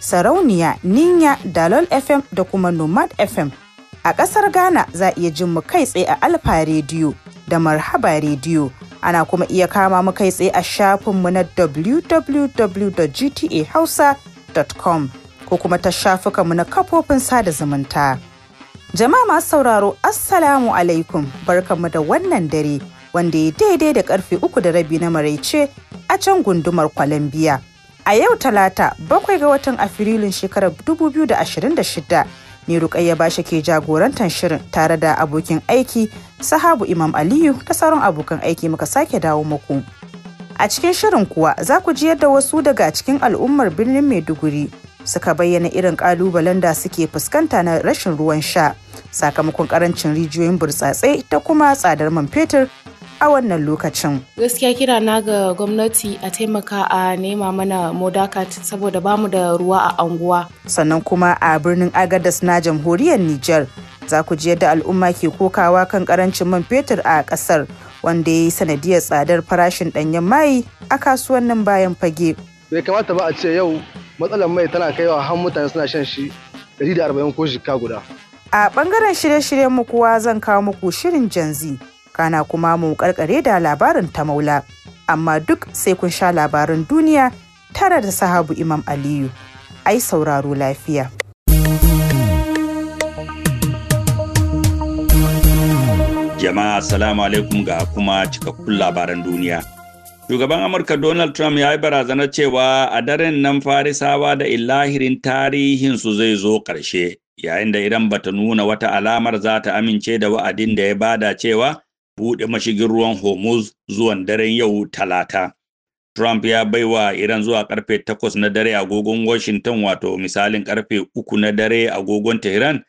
Sarauniya, Ninya, Dalol FM da kuma Nomad FM. A ƙasar Ghana za iya jin mu kai tsaye a Alfa Radio da Marhaba Radio. Ana kuma iya kama mu kai tsaye a shafinmu na www.gtahausa.com ko kuma ta shafuka mu na kafofin sada zumunta. Jama'a masu sauraro, Assalamu alaikum, mu da wannan dare. wanda ya daidai da karfe uku da rabi na maraice a can gundumar kwalambiya. A yau talata bakwai ga watan Afrilun shekarar 2026 ne Rukayya bashi ke jagorantar shirin tare da abokin aiki Sahabu Imam Aliyu da sauran abokan aiki muka sake dawo muku. A cikin shirin kuwa za ku ji yadda wasu daga cikin al'ummar birnin Maiduguri suka bayyana irin kalubalen da suke fuskanta na rashin ruwan sha sakamakon karancin rijiyoyin burtsatsai da kuma tsadar man fetur a wannan lokacin. Gaskiya kira na ga gwamnati a taimaka a nema mana modakat saboda ba mu da ruwa a anguwa. Sannan kuma a birnin Agadas na jamhuriyar Nijar za ku ji yadda al'umma ke kokawa kan karancin man fetur a ƙasar wanda ya yi sanadiyar tsadar farashin ɗanyen mai a kasuwannin bayan fage. Bai kamata ba a ce yau matsalar mai tana kaiwa har mutane suna shan shi 140 ko shika guda. A ɓangaren shirye-shiryen mu kuwa zan kawo muku shirin janzi. kana kuma mu karkare da labarin ta maula amma duk sai kun sha labarin duniya tare da sahabu imam aliyu ai sauraro lafiya jama'a assalamu alaikum ga kuma cikakkun labaran duniya Shugaban Amurka Donald Trump ya yi barazanar cewa a daren nan Farisawa da illahirin tarihinsu zai zo ƙarshe, yayin da idan bata nuna wata alamar za ta amince da wa'adin da ya bada cewa Bude mashigin ruwan Hormuz zuwan daren yau Talata. Trump ya baiwa Iran zuwa karfe takwas na dare agogon Washington wato misalin karfe uku na dare agogon Tehran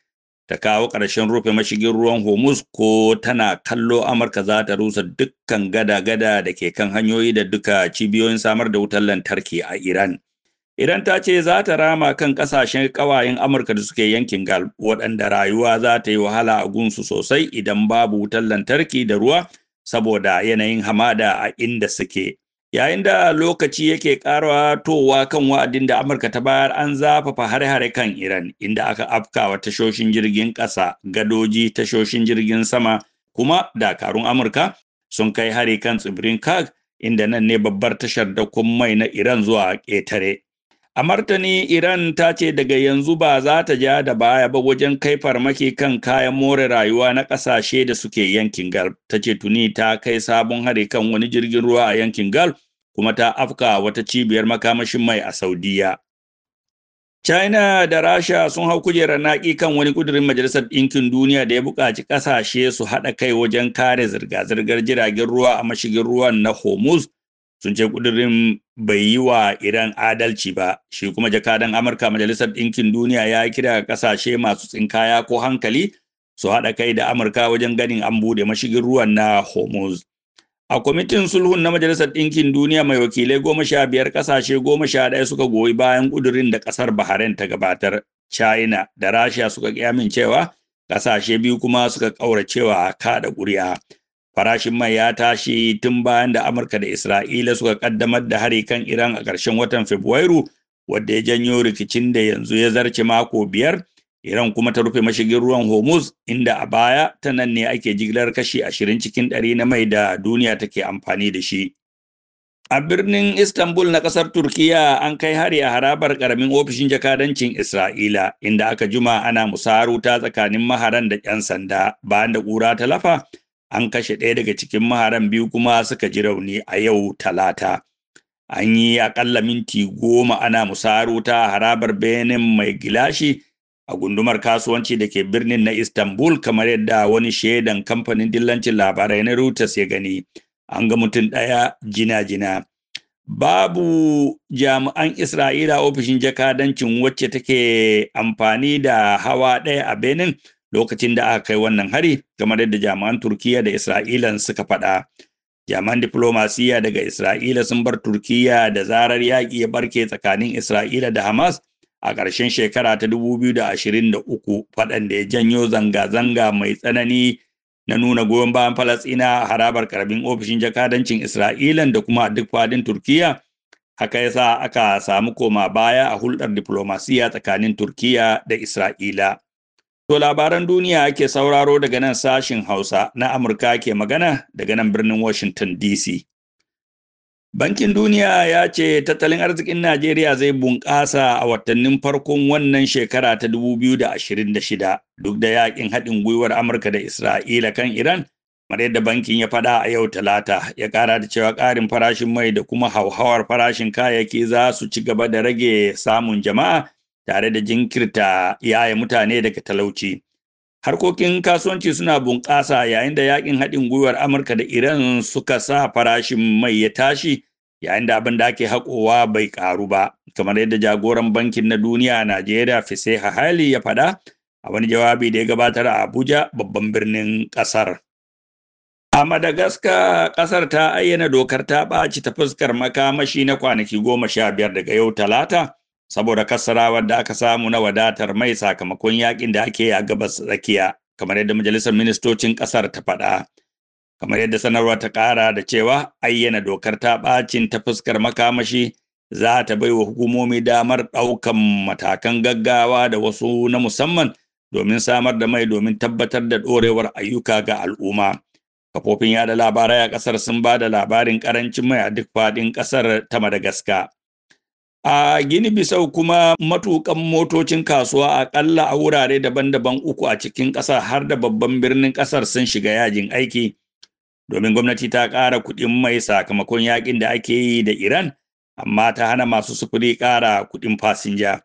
ta kawo ƙarshen rufe mashigin ruwan Hormuz ko tana kallo Amurka za ta rusa dukkan gada-gada da ke kan hanyoyi da duka cibiyoyin samar da wutar lantarki a Iran. idan ta ce za ta rama kan ƙasashen kawayen amurka da suke yankin gal waɗanda rayuwa za ta yi wahala a gunsu sosai idan babu wutar lantarki da ruwa saboda yanayin hamada a inda suke yayin da lokaci yake ƙarawa towa kan wa'adin da amurka ta bayar an zafafa hare-hare kan iran inda aka afkawa tashoshin jirgin ƙasa gadoji tashoshin jirgin sama kuma dakarun amurka sun kai hari kan tsibirin kag inda nan ne babbar tashar da mai na iran zuwa ƙetare A martani Iran ta ce daga yanzu ba za ta ja da baya ba wajen kai farmaki kan kayan more rayuwa na ƙasashe da suke yankin Gulf. Ta ce tuni ta kai sabon hari kan wani jirgin ruwa a yankin Gulf kuma ta afka wata cibiyar makamashin mai a Saudiya. China da Rasha sun hau kujerar naƙi kan wani ƙudurin Majalisar Ɗinkin Duniya da ya buƙaci ƙasashe su haɗa kai wajen kare zirga-zirgar jiragen ruwa a mashigin ruwan na Hormuz. sun ce kudirin bai yi wa Iran adalci ba, shi kuma jakadan Amurka Majalisar Ɗinkin Duniya ya kira ƙasashe masu tsinkaya ko hankali su haɗa kai da Amurka wajen ganin an buɗe mashigin ruwan na Hormuz. A kwamitin sulhun na Majalisar Ɗinkin Duniya mai wakilai goma sha biyar ƙasashe goma sha ɗaya suka goyi bayan ƙudurin da ƙasar Bahrain ta gabatar, China da Rasha suka ƙi amincewa, ƙasashe biyu kuma suka ƙauracewa kaɗa ƙuri'a. Farashin mai ya tashi tun bayan da Amurka da Isra'ila suka kaddamar da hari kan Iran a ƙarshen watan Fabrairu, wanda ya janyo rikicin da yanzu ya zarce mako biyar. Iran kuma ta rufe mashigin ruwan Hormuz, inda a baya ta nan ne ake jigilar kashi ashirin cikin ɗari na mai da duniya take amfani da shi. A birnin Istanbul na ƙasar Turkiya an kai hari a harabar ƙaramin ofishin jakadancin Isra'ila, inda aka juma ana musaru ta tsakanin maharan da 'yan sanda bayan da ƙura ta lafa. an kashe ɗaya daga cikin maharan biyu kuma suka ji rauni a yau talata an yi aƙalla minti goma ana wuta a harabar benin mai gilashi a gundumar kasuwanci da ke birnin na istanbul kamar yadda wani shaidan kamfanin dillancin labarai na reuters ya gani an ga mutum ɗaya jina-jina babu jami'an isra'ila ofishin jakadancin wacce take amfani da hawa ɗaya a benin lokacin da aka kai wannan hari kamar yadda jami'an Turkiyya da Isra'ila suka faɗa. Jami'an Diplomasiya daga Isra'ila sun bar Turkiyya da zarar yaƙi ya barke tsakanin Isra'ila da Hamas a ƙarshen shekara ta 2023 faɗan da ya janyo zanga-zanga mai tsanani na nuna goyon bayan Falasɗina harabar karamin ofishin jakadancin Isra'ila da kuma duk fadin Turkiyya haka yasa aka samu koma baya a hulɗar diplomasiya tsakanin Turkiyya da Isra'ila. To labaran duniya ake sauraro daga nan sashin Hausa na Amurka ke magana daga nan birnin Washington DC. Bankin Duniya ya ce tattalin arzikin Najeriya zai bunƙasa a watannin farkon wannan shekara ta 2026 duk da yakin haɗin gwiwar Amurka da Isra'ila kan Iran, kamar yadda bankin ya faɗa a yau Talata, ya ƙara da cewa ƙarin farashin mai da kuma hauhawar farashin kayayyaki za su ci gaba da rage samun jama'a. tare da jinkirta yaya mutane daga talauci. Harkokin kasuwanci suna bunƙasa yayin da yakin haɗin gwiwar Amurka da Iran suka sa farashin mai ya tashi yayin da abin da ake haƙowa bai ƙaru ba, kamar yadda jagoran bankin na duniya a Najeriya Fise Hali ya faɗa a wani jawabi da ya gabatar a Abuja babban birnin ƙasar. A Madagascar ƙasar ta ayyana dokar ta ɓaci ta fuskar makamashi na kwanaki goma sha biyar daga yau talata saboda kassarawar da aka samu na wadatar mai sakamakon yakin da ake yi a gabas tsakiya kamar yadda majalisar ministocin kasar ta faɗa kamar yadda sanarwa ta ƙara da cewa ayyana dokar ta ɓacin ta fuskar makamashi za ta bai wa hukumomi damar ɗaukan matakan gaggawa da wasu na musamman domin samar da mai domin tabbatar da ɗorewar ayyuka ga al'umma. Kafofin yada labarai a ƙasar sun ba da labarin ƙarancin mai a duk faɗin ƙasar ta Madagascar. A Gini Bisau kuma matukan motocin kasuwa aƙalla a wurare daban-daban uku a cikin ƙasar har da babban birnin ƙasar sun shiga yajin aiki. Domin gwamnati ta ƙara kuɗin mai sakamakon yaƙin da ake yi da Iran, amma ta hana masu sufuri ƙara kuɗin fasinja.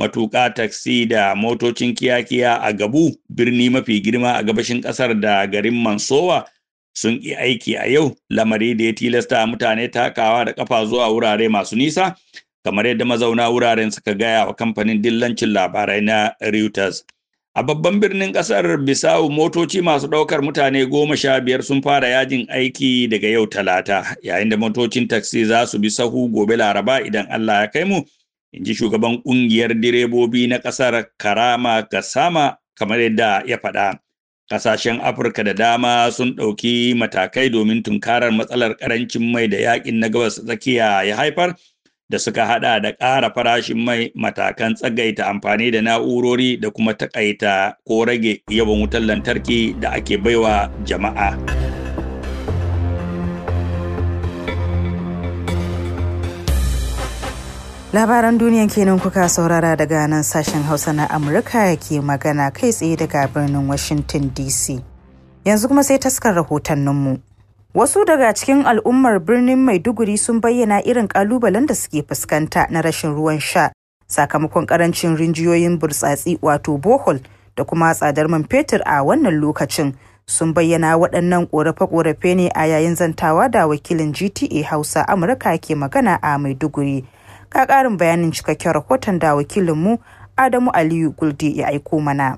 Matuƙa taksi da motocin kiyakiya a Gabu, birni mafi girma a gabashin ƙasar da garin Mansowa, sun ƙi aiki a yau, lamari da ya tilasta mutane takawa da ƙafa zuwa wurare masu nisa. kamar yadda mazauna wuraren suka gaya wa kamfanin dillancin labarai na Reuters. A babban birnin ƙasar Bisau motoci masu ɗaukar mutane goma sha biyar sun fara yajin aiki daga yau talata, yayin da motocin taksi za su bi sahu gobe laraba idan Allah ya kai mu, in ji shugaban ƙungiyar direbobi na ƙasar Karama Gassama kamar yadda ya faɗa. Ƙasashen Afirka da dama sun ɗauki matakai domin tunkarar matsalar ƙarancin mai da yaƙin na gabas tsakiya ya haifar. da suka hada da ƙara farashin mai matakan tsagaita amfani da na'urori da kuma takaita ko rage yawan wutar lantarki da ake baiwa jama'a. Labaran duniyar kenan kuka saurara daga nan sashen Hausa na Amurka ke magana kai tsaye daga birnin Washington DC. Yanzu kuma sai taskar rahotanninmu. Wasu daga cikin al'ummar birnin Maiduguri sun bayyana irin kalubalen da suke fuskanta na rashin ruwan sha sakamakon karancin rinjiyoyin burtsatsi wato bohol da kuma tsadar man fetur a wannan lokacin sun bayyana waɗannan ƙorafe-ƙorafe ne a yayin zantawa da wakilin GTA Hausa Amurka ke magana a Maiduguri. Ka ƙarin bayanin cikakken rahoton da wakilinmu Adamu Aliyu Gulde ya aiko mana.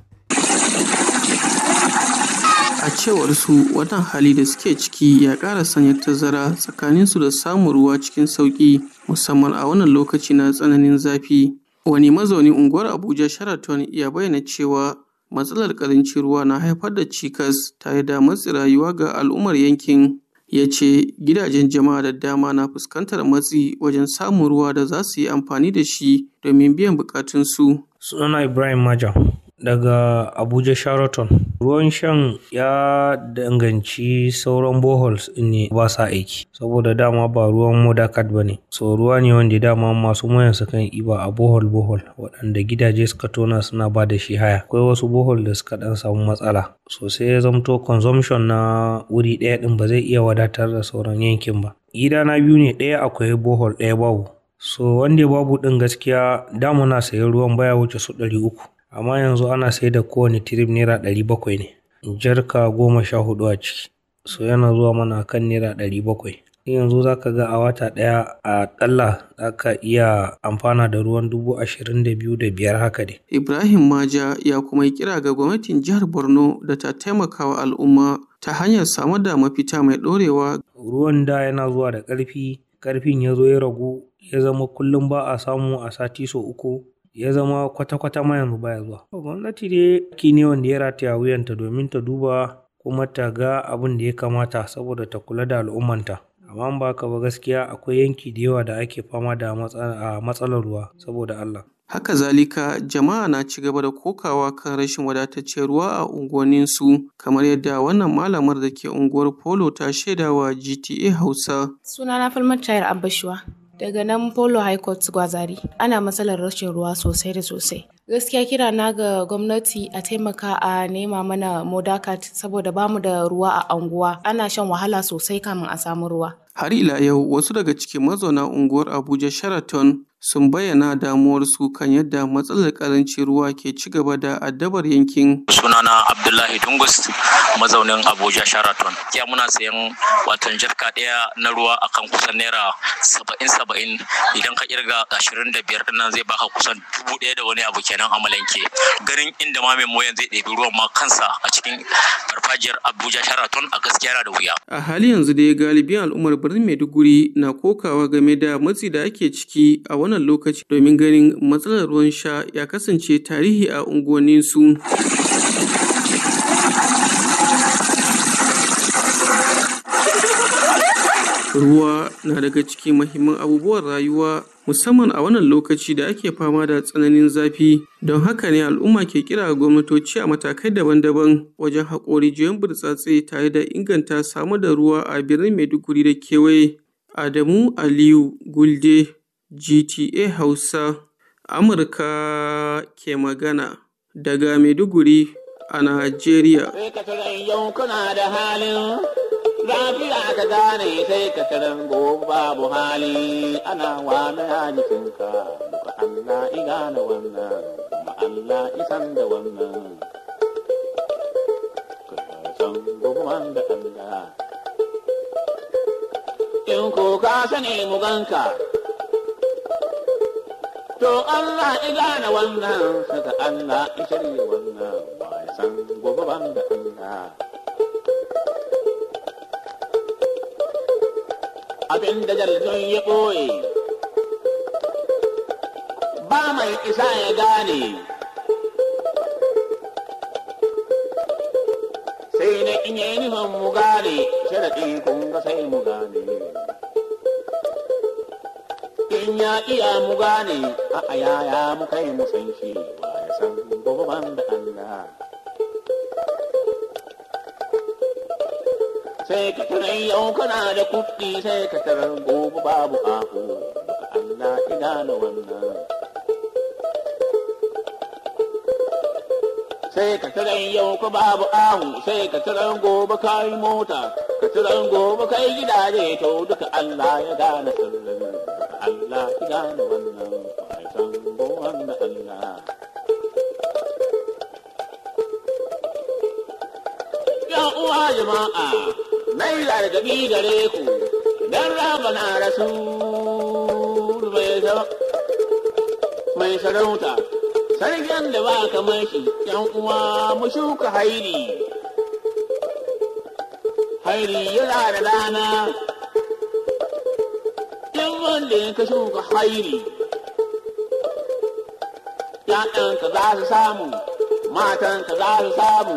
a cewar su wannan hali da suke ciki ya ƙara sanya tazara tsakanin su da samun ruwa cikin sauƙi musamman a wannan lokaci na tsananin zafi wani mazaunin unguwar abuja sheraton ya bayyana cewa matsalar ƙarancin ruwa na haifar da cikas ta yi da matsi rayuwa ga al'ummar yankin ya ce gidajen jama'a da dama na fuskantar matsi wajen samun ruwa da za su yi amfani da shi domin biyan bukatunsu. sunana ibrahim maja daga Abuja Sharaton. Ruwan shan ya danganci sauran boholes ne ba sa aiki, saboda dama ba ruwan modakat ba ne. So ruwa ne wanda dama masu mayan su kan iba a bohol bohol waɗanda gidaje suka tona suna ba da shi haya. Akwai wasu bohol da suka ɗan samu matsala. Sosai ya zamto consumption na wuri ɗaya ɗin ba zai iya wadatar da sauran yankin ba. gida na biyu ne ɗaya akwai bohol ɗaya babu. So wanda babu ɗin gaskiya dama na sayan ruwan baya wuce su ɗari uku. Amma yanzu ana da kowane tirip naira ɗari bakwai ne. Jarka goma sha hudu a ciki. So yana zuwa mana kan naira ɗari bakwai. Yanzu za ka ga a wata ɗaya ƙalla za ka iya amfana da ruwan dubu ashirin da biyu da biyar haka ne. Ibrahim Maja ya kuma yi kira ga gwamnatin jihar Borno da ta taimakawa al'umma ta hanyar samar da mafita mai ɗorewa. Ruwan da yana zuwa da ƙarfi, ƙarfin ya zo ya ragu, ya zama kullum ba a samu a sati sau uku. ya zama kwata-kwata ma yanzu baya zuwa. Gwamnati dai ki ne wanda ya rataya wuyanta domin ta duba kuma ta ga abin da ya kamata saboda ta kula da al'ummanta. Amma ba ka ba gaskiya akwai yanki da yawa da ake fama da matsalar ruwa saboda Allah. Haka zalika jama'a na ci gaba da kokawa kan rashin wadataccen ruwa a unguwanninsu kamar yadda wannan malamar da ke unguwar Polo ta shaidawa GTA Hausa. Sunana Falmar Tayar Abbashuwa. daga nan polo high court gwazari ana matsalar rashin ruwa sosai da sosai gaskiya kira na ga gwamnati a taimaka a nema mana modakat saboda bamu da ruwa a anguwa ana shan wahala sosai kamin a samu ruwa Har ila yau, wasu daga cikin mazauna unguwar Abuja Sheraton sun bayyana damuwar su kan yadda matsalar karancin ruwa ke ci gaba da addabar yankin. Sunana Abdullahi Dungus, mazaunin Abuja Sheraton. Ya muna sayan watan jarka daya na ruwa akan kusan naira saba'in saba'in idan ka kirga ashirin da biyar nan zai baka kusan dubu daya da wani abu kenan amalanke malanke. Garin inda ma mai moyan zai ɗebi ruwan ma kansa a cikin farfajiyar Abuja Sheraton a gaskiya da wuya. A hali yanzu dai galibiyan al'ummar birnin Maiduguri na kokawa game da matsi da ake ciki a wannan lokaci domin ganin matsalar ruwan sha ya kasance tarihi a unguwanninsu. Ruwa na daga cikin mahimman abubuwan rayuwa musamman a wannan lokaci da ake fama da tsananin zafi. Don haka ne al'umma ke kira gwamnatoci a matakai daban-daban wajen haƙori jiyan burtsatse tare da inganta samar da ruwa a birnin Maiduguri da kewaye. Adamu Aliyu Gulde GTA Hausa Amurka ke magana daga Maiduguri a Najeriya. Lafiya ka gane sai ka karan babu hali ana wa wani jikinka ba Allah igana wannan kuma Allah isan da wannan. Kasan gugman da Allah. In ko ka sani muganka, to Allah na wannan saka Allah da wannan ba ya san gugman da Allah. abin da jaridun ya ɓoye ba mai isa ya gane sai na inye nufin mu gane sharaɗin kun ga sai mu gane in ya iya mu gane a ayaya mu kai mu san shi ka tarar yau kana da kuɗi sai ka tarar gobe babu ahu baka Allah ina da wannan sai ka tarar yau ka babu ahu sai ka tarar gobe ka yi mota ka tarar gobe ka gidaje to duka Allah ya gane sirrin Allah ya gane wannan ai san gowan da Allah ya uwa jama'a sai gargaɗi gare ku don na rasu mai sarauta sarkin da ba kamar shi yan uwa mu shuka hairi hairi yana da rana yan wanda ya ka shuka hairi ya'yanka za su samu matanka za su samu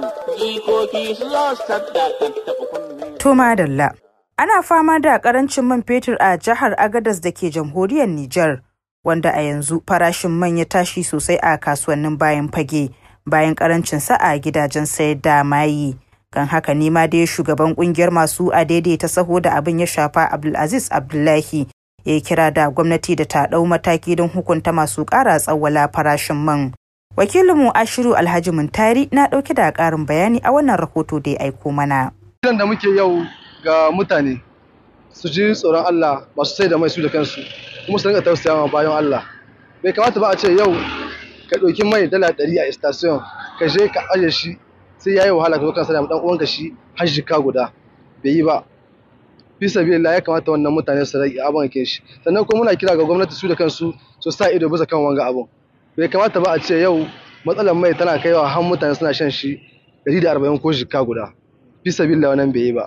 Toma Dalla. Ana fama da karancin man fetur a jihar Agadas da ke jamhuriyar Nijar, wanda a yanzu farashin man ya tashi sosai a kasuwannin bayan fage, bayan karancin sa a gidajen sayar da mayi. Kan haka nema ma ya shugaban kungiyar masu a daidaita saho da abin ya shafa Abdulaziz Abdullahi ya kira da gwamnati da ta ɗau mataki don hukunta masu ƙara tsawwala farashin man. wakilinmu ashiru alhaji muntari na dauke da karin bayani a wannan rahoto da ya aiko mana Idan da muke yau ga mutane su ji tsoron Allah ba sai da mai su da kansu kuma su rinka tausayawa bayan Allah bai kamata ba a ce yau ka ɗauki mai dala ɗari a istasiyon ka je ka aje shi sai ya yi wahala ka zo kansa ɗan uwanka shi har ka guda bai yi ba fi sabilillah ya kamata wannan mutane su rage abin shi sannan kuma muna kira ga gwamnati su da kansu su sa ido bisa kan wanga abin bai kamata ba a ce yau matsalar mai tana kaiwa har mutane suna shan shi 140 da arba'in ko shika guda fi sabilla wannan bai yi ba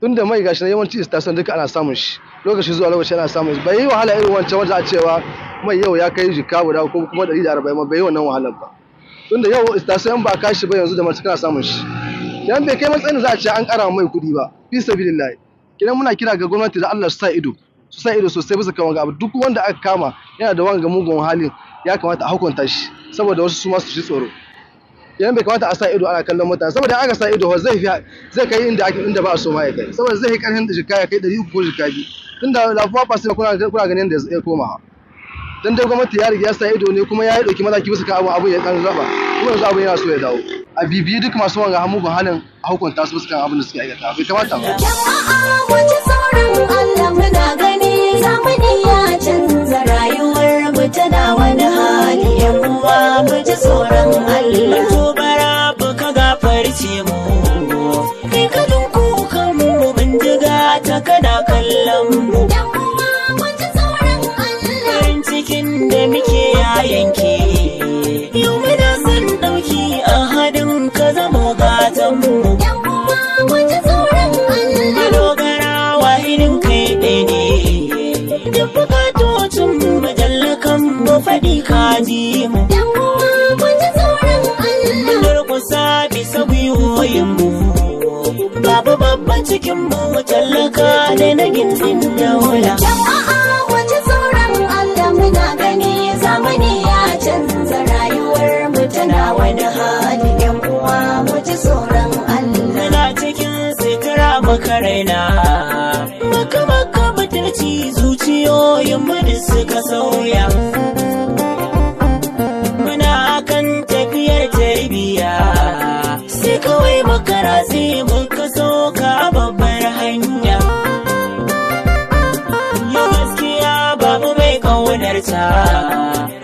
tun da mai gashi na yawanci san duka ana samun shi lokaci zuwa lokaci ana samun shi bai yi wahala irin wancan wanda a cewa mai yau ya kai jikka guda ko kuma 140 da arba'in bai yi wannan wahalar ba tun da yau san ba kashi ba yanzu da mace kana samun shi yan bai kai matsayin za a ce an ƙara mai kuɗi ba fi sabilillahi kidan muna kira ga gwamnati da Allah su sa ido su sa ido sosai bisa kan wanga abu duk wanda aka kama yana da wanga mugun halin ya kamata a hukunta shi saboda wasu su masu ji tsoro idan bai kamata a sa ido ana kallon mutane saboda aka sa ido zai fi zai kai inda ake inda ba a so ma ya kai saboda zai karhin jika ya kai 300 ko jika bi tunda lafuwa ba su kuna kuna ganin da ya koma dan dai gwamnati ya riga ya sa ido ne kuma ya yi dauki mataki bisa kan abu abu ya kan raba kuma yanzu abu yana so ya dawo a bibiyi duk masu wanga hamu ba halin a hukunta su bisa kan abin da suke aikata bai kamata ba jama'a Allah muna gani zamani ya canza rayuwar mu ta dawa tesora. nauyin babban cikin mu tallaka da na gindin daula jama'a wace tsoron Allah muna gani zamani ya canza rayuwar mu tana wani hali yan uwa wace tsoron Allah muna cikin sitira makaraina maka maka mutunci zuciyoyin mu da suka sau na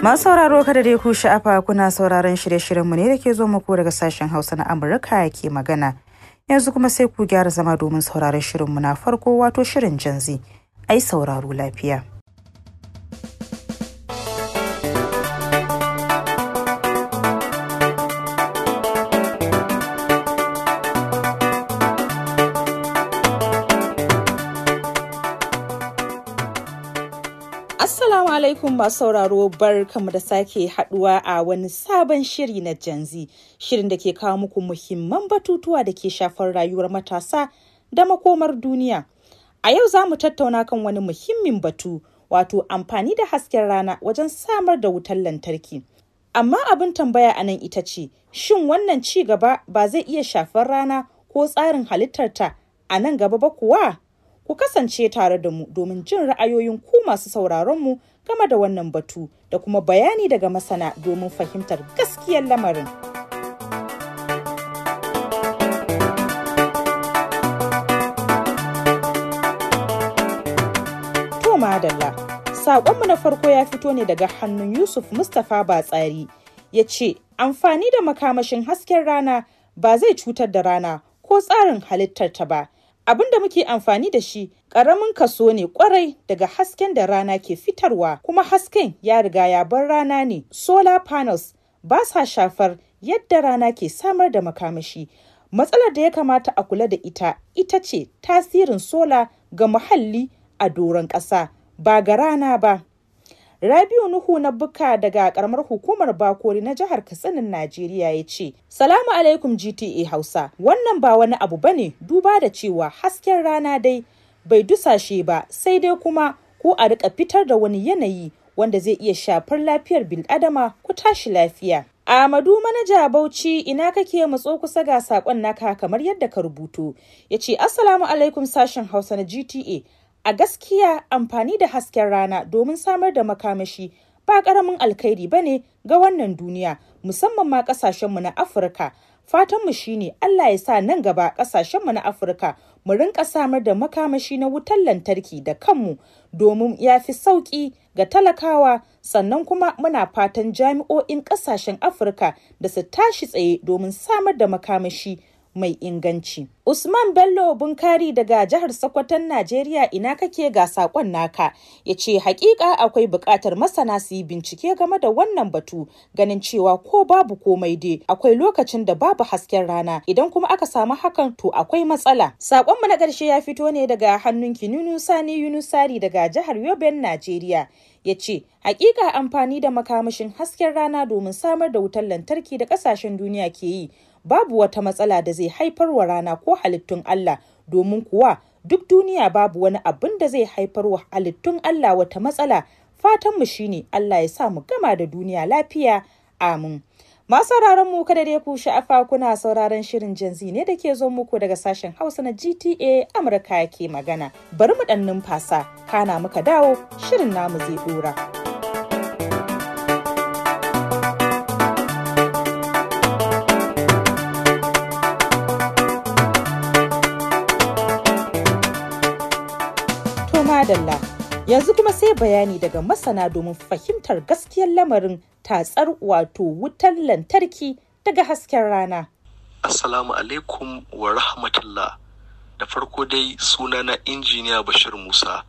Masu sauraro kada dai ku sha'afa kuna sauraron shirye-shiryenmu ne da ke zo muku daga sashen Hausa na Amurka ke magana. Yanzu kuma sai ku gyara zama domin sauraron shirinmu na farko wato shirin janzi. Ai sauraro lafiya. alaikum masu sauraro bar kama da sake haduwa a wani sabon shiri na janzi shirin da ke kawo muku muhimman batutuwa da ke shafar rayuwar matasa da makomar duniya. A yau za mu tattauna kan wani muhimmin batu wato amfani da hasken rana wajen samar da wutar lantarki. Amma abin tambaya a nan ita ce, shin wannan ci gaba ba zai iya shafar rana ko tsarin halittarta a nan gaba ba kuwa? Ku kasance tare da mu domin jin ra'ayoyin ku masu sauraronmu game da wannan batu da kuma bayani daga masana domin fahimtar gaskiyar lamarin. To madalla, saƙonmu na farko ya fito ne daga hannun Yusuf Mustapha tsari, ya ce, amfani da makamashin hasken rana ba zai cutar da rana ko tsarin halittarta ba. Abin da muke amfani da shi ƙaramin kaso ne kwarai daga hasken da rana ke fitarwa kuma hasken ya riga ya bar rana ne solar panels ba sa shafar yadda rana ke samar da makamashi matsalar da ya kamata a kula da ita ita ce tasirin sola ga muhalli a doron ƙasa ba ga rana ba Rabiu Nuhu na buka daga karamar hukumar Bakori na jihar Katsinin Najeriya ya ce, Salamu alaikum GTA Hausa, wannan ba wani abu bane duba da cewa hasken rana dai bai dusashe ba sai dai kuma ko a rika fitar da wani yanayi wanda zai iya shafar lafiyar bil'adama ku tashi lafiya. Amadu manaja Bauchi ina kake matso kusa ga sakon naka kamar yadda ka rubuto. Ya ce Assalamu alaikum sashen Hausa na GTA. A gaskiya amfani da hasken rana domin samar da makamashi ba ƙaramin alkhairi ba ne ga wannan duniya musamman ma ƙasashenmu na Afirka. Fatanmu shine Allah ya sa nan gaba ƙasashenmu na Afirka mu rinka samar da makamashi na wutar lantarki da kanmu domin ya fi sauƙi ga talakawa sannan kuma muna fatan jami'o'in ƙasashen afirka da su tashi tsaye domin samar da makamashi mai inganci. Usman Bello Bunkari daga jihar Sokoton Najeriya ina kake ga sakon naka ya ce hakika akwai buƙatar masana su yi bincike game da wannan batu ganin cewa ko babu komai dai akwai lokacin da babu hasken rana idan kuma aka samu hakan to akwai matsala. mu na ƙarshe ya fito ne daga hannun Kinunu Sani Yunusari daga jihar Yoben Najeriya. ya ce hakika amfani da makamashin hasken rana domin samar da wutar lantarki da ƙasashen duniya ke yi babu wata matsala da zai haifar wa rana ko halittun Allah domin kuwa duk duniya babu wani abin da zai haifar wa halittun Allah wata matsala fatanmu shine Allah ya sa mu gama da duniya lafiya amin masu sauraron mu kada dai ku sha'afa kuna sauraron shirin janzi ne da ke zo muku daga sashen hausa na gta amurka yake magana bari mu dan numfasa kana muka dawo shirin namu zai dora. madalla yanzu kuma sai bayani daga masana domin fahimtar gaskiyar lamarin tatsar wato wutar lantarki daga hasken rana. Assalamu alaikum wa rahmatullah. Da farko dai sunana injiniya Bashir Musa.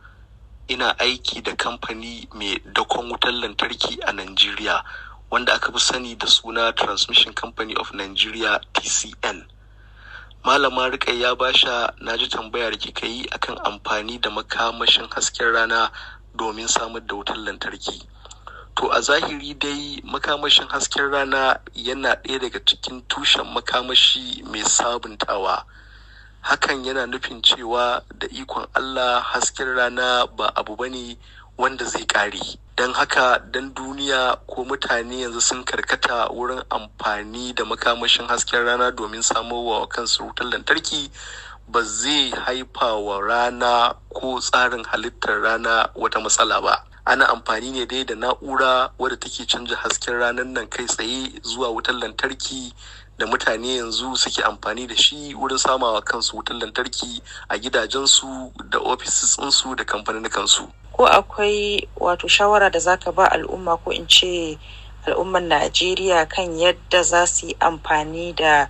Ina aiki da kamfani mai dakon wutar lantarki a Najeriya wanda aka fi sani da suna Transmission Company of Nigeria TCN. malama ba basha na ji tambaya da kika yi akan amfani da makamashin hasken rana domin samar da wutar lantarki to a zahiri dai makamashin hasken rana yana ɗaya daga cikin tushen makamashi mai sabuntawa hakan yana nufin cewa da ikon allah hasken rana ba abu bane wanda zai ƙare don haka don duniya ko mutane yanzu sun karkata wurin amfani da makamashin hasken rana domin samowa kansu wutar lantarki ba zai haifa wa rana ko tsarin halittar rana wata matsala ba ana amfani ne dai da na'ura wadda take canja hasken ranar nan kai tsaye zuwa wutar lantarki da mutane yanzu suke amfani da shi wurin samawa kansu wutar lantarki a gidajensu da ofisinsu da kamfaninkansu. Ko akwai wato shawara da zaka ba al'umma ko in ce al'ummar Najeriya kan yadda za su yi amfani da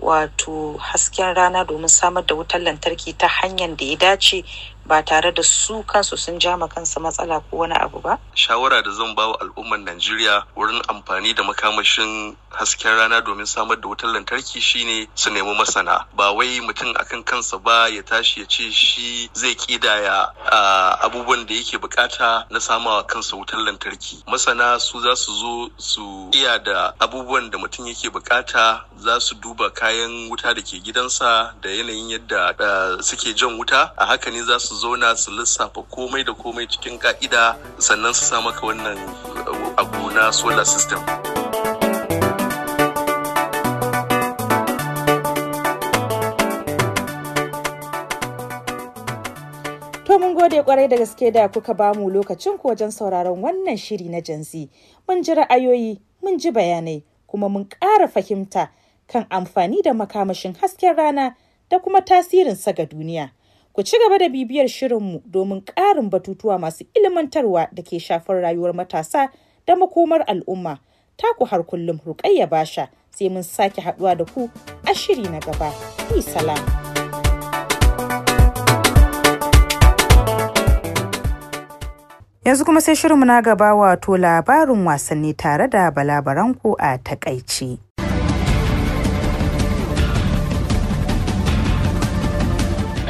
wato hasken rana domin samar da wutar lantarki ta hanyar da ya dace ba tare da su kansu sun ja ma kansu matsala ko wani abu ba shawara da zan ba wa al'ummar Najeriya wurin amfani da makamashin hasken rana domin samar da wutar lantarki shine su nemi masana ba wai mutum akan kansa ba ya tashi ya ce shi zai kidaya abubuwan da yake bukata na samawa kansa wutar lantarki masana su za su zo su iya da abubuwan da mutum yake bukata za su duba kayan wuta da ke gidansa da yanayin yadda suke jan wuta a haka ne za su zauna su lissafa komai da komai cikin ka'ida sannan su samu ka wannan uh, abu na solar system. To mun gode kwarai da gaske da kuka bamu lokacin ku wajen sauraron wannan shiri na jinsi Mun ji ra'ayoyi, mun ji bayanai, kuma mun ƙara fahimta kan amfani da makamashin hasken rana da kuma tasirinsa ga duniya. Ku ci gaba da bibiyar shirinmu domin ƙarin batutuwa masu ilmantarwa da ke shafar rayuwar matasa da makomar al'umma. Taku har kullum Rukayya Basha sai mun sake haɗuwa da ku a shiri na gaba. Ni salam. Yanzu kuma sai shirinmu na gaba wato labarin wasanni tare da balabaranku a takaici.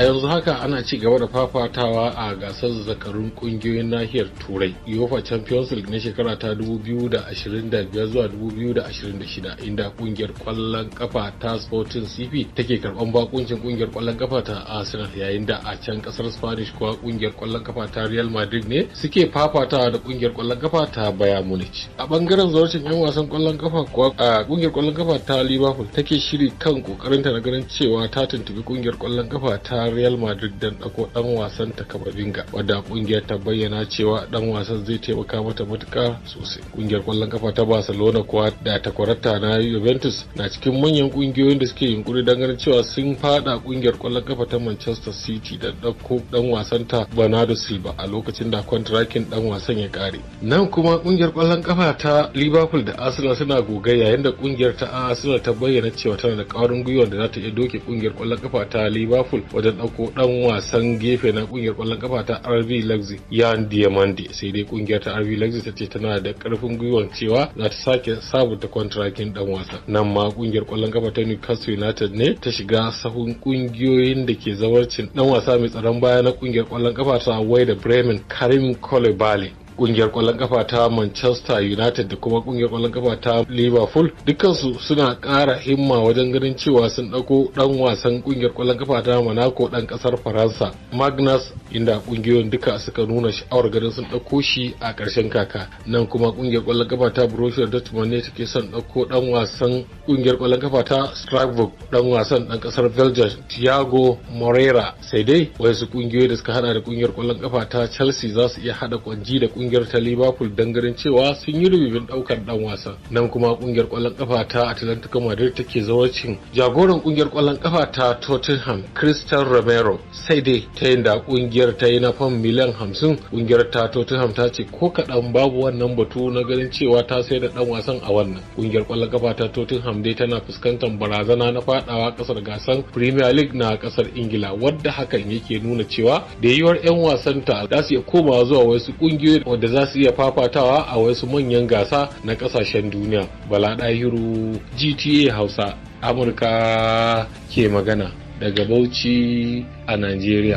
a yanzu haka ana ci gaba da fafatawa a gasar zakarun kungiyoyin nahiyar turai uefa champions league na shekara ta 2025 zuwa 2026 inda kungiyar kwallon kafa ta sporting cp take karban bakuncin kungiyar kwallon kafa ta arsenal yayin da a can kasar spanish kuwa kungiyar kwallon kafa ta real madrid ne suke fafatawa da kungiyar kwallon kafa ta bayern munich a bangaren zarucin yan wasan kwallon kafa kuwa a kungiyar kwallon kafa ta liverpool take shiri kan kokarinta na ganin cewa ta tuntubi kungiyar kwallon kafa ta Real Madrid don dauko ɗan wasan ta Kamavinga wadda kungiyar ta bayyana cewa ɗan wasan zai taimaka mata matuƙa sosai. kungiyar ƙwallon kafa ta Barcelona kuwa da takwarata na Juventus na cikin manyan ƙungiyoyin da suke yunkuri don ganin cewa sun fada ƙungiyar ƙwallon kafa ta Manchester City da ɗauko ɗan wasan ta Bernardo Silva a lokacin da kwantarakin ɗan wasan ya ƙare. Nan kuma ƙungiyar ƙwallon kafa ta Liverpool da Arsenal suna gogayya yayin da ƙungiyar ta Arsenal ta bayyana cewa tana da ƙwarin gwiwa da za ta iya doke ƙungiyar ƙwallon kafa ta Liverpool wajen ɗauko ɗan wasan gefe na ƙungiyar kwallon kafa ta RV Leipzig Yan Diamande sai dai ƙungiyar ta RV Leipzig ta ce tana da ƙarfin gwiwan cewa za ta sake sabunta kwantrakin dan wasa nan ma ƙungiyar kwallon kafa ta Newcastle United ne ta shiga sahun ƙungiyoyin da ke zawarcin ɗan wasa mai tsaron baya na ƙungiyar ƙwallon kafa ta Werder Bremen Karim Koulibaly kungiyar kwallon kafa ta Manchester United da kuma kungiyar kwallon kafa ta Liverpool dukansu suna kara himma wajen ganin cewa sun ɗauko ɗan wasan kungiyar kwallon kafa ta Monaco ɗan kasar Faransa Magnus inda kungiyoyin duka suka nuna sha'awar ganin sun ɗauko shi a ƙarshen kaka nan kuma kungiyar kwallon kafa ta Borussia Dortmund ne take son ɗauko ɗan wasan kungiyar kwallon kafa ta Strasbourg dan wasan dan ƙasar Belgium Thiago Moreira sai dai wasu kungiyoyi da suka hada da kungiyar kwallon kafa ta Chelsea za su iya hada kwanji da kungiyar kungiyar ta Liverpool dangaren cewa sun yi rubibin daukar dan wasan. Nan kuma kungiyar kwallon kafa ta Atlantico Madrid take zawacin jagoran kungiyar kwallon kafa ta Tottenham Christian Romero sai dai ta da kungiyar ta yi na fam miliyan hamsin kungiyar ta Tottenham ta ce ko kadan babu wannan batu na ganin cewa ta sai da dan wasan a wannan. Kungiyar kwallon kafa ta Tottenham dai tana fuskantar barazana na fadawa kasar gasar Premier League na kasar Ingila wadda hakan yake nuna cewa da yiwuwar 'yan wasanta za su iya komawa zuwa wasu kungiyoyi wanda za su iya fafatawa a wasu manyan gasa na kasashen duniya bala ɗahiru gta hausa amurka ke magana daga bauchi a nigeria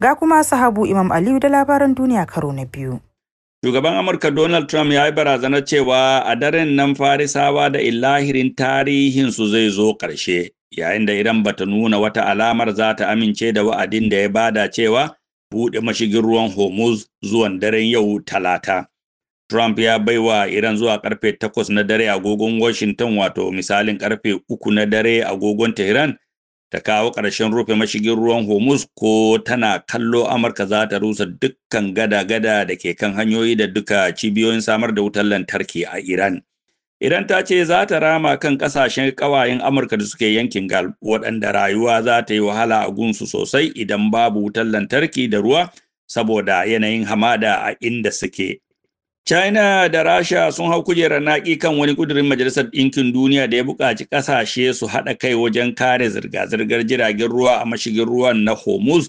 ga kuma sahabu imam aliyu da labaran duniya karo na biyu Shugaban Amurka Donald Trump ya yi barazanar cewa a daren nan Farisawa da illahirin tarihinsu zai zo ƙarshe, yayin da idan bata nuna wata alamar za ta amince da wa'adin da ya bada cewa buɗe mashigin ruwan Hormuz zuwan daren yau Talata. Trump ya baiwa Iran zuwa karfe takwas na dare agogon Washington wato misalin karfe uku na dare agogon Tehran ta kawo ƙarshen rufe mashigin ruwan Hormuz ko tana kallo Amurka za ta rusa dukkan gada-gada da ke kan hanyoyi da duka cibiyoyin samar da wutar lantarki a Iran. idan ta ce za ta rama kan ƙasashen ƙawayen amurka da suke yankin gal waɗanda rayuwa za ta yi wahala a gunsu sosai idan babu wutar lantarki da ruwa saboda yanayin hamada a inda suke china da rasha sun hau kujerar naƙi kan wani ƙudurin majalisar ɗinkin duniya da ya buƙaci ƙasashe su haɗa kai wajen kare zirga-zirgar jiragen ruwa a mashigin ruwan na hormuz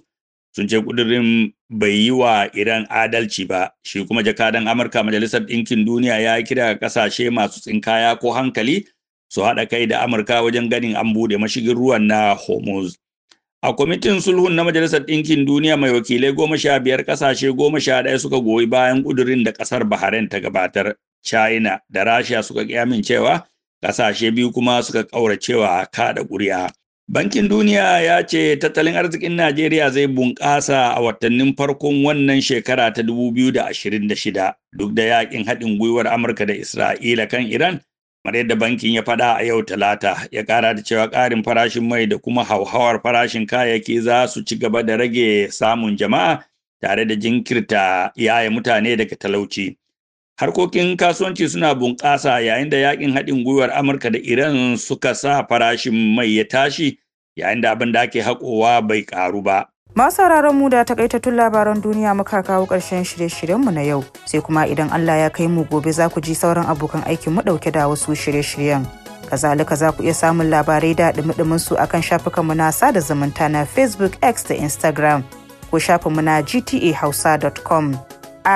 sun ce kudirin bai yi wa Iran adalci ba, shi kuma jakadan Amurka Majalisar Ɗinkin Duniya ya kira kasashe masu tsinkaya ko hankali su haɗa kai da Amurka wajen ganin an buɗe mashigin ruwan na Hormuz. A kwamitin sulhun na Majalisar Ɗinkin Duniya mai wakilai goma sha biyar ƙasashe goma sha ɗaya suka goyi bayan ƙudurin da ƙasar Bahrain ta gabatar, China da Rasha suka cewa ƙasashe biyu kuma suka ƙauracewa kaɗa ƙuri'a. Bankin Duniya ya ce tattalin arzikin Najeriya zai bunƙasa a watannin farkon wannan shekara ta 2026 duk da yakin haɗin gwiwar Amurka da Isra'ila kan Iran, kamar yadda bankin ya faɗa a yau Talata, ya ƙara da cewa ƙarin farashin mai da kuma hauhawar farashin kayayyaki za su ci gaba da rage samun jama'a tare da jinkirta yaya mutane daga talauci. harkokin kasuwanci suna bunƙasa yayin da yakin haɗin gwiwar amurka da iran suka sa farashin mai ya tashi yayin da abin da ake haƙowa bai ƙaru ba masu mu da takaitattun labaran duniya muka kawo ƙarshen shirye-shiryenmu na yau sai kuma idan allah ya kai mu gobe za ku ji sauran abokan aikin mu ɗauke da wasu shirye-shiryen kazalika za ku iya samun labarai da ɗumi su akan shafukanmu na sada zumunta na facebook x da instagram ko shafinmu na gtahausa.com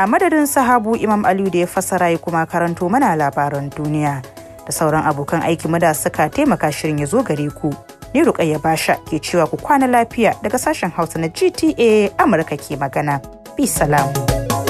a madadin sahabu imam aliyu da ya fasara ya kuma karanto mana labaran duniya da sauran abokan aiki da suka taimaka shirin ya zo gare ku ni rukayya basha ke cewa ku kwana lafiya daga sashen hausa na gta amurka ke magana bi salamu